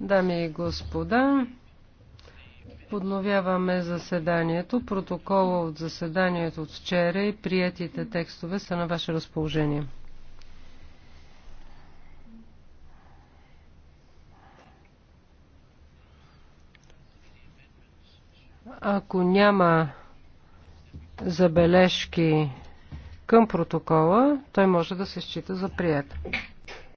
Дами и господа, подновяваме заседанието. Протокола от заседанието от вчера и приятите текстове са на ваше разположение. Ако няма забележки към протокола, той може да се счита за приятел.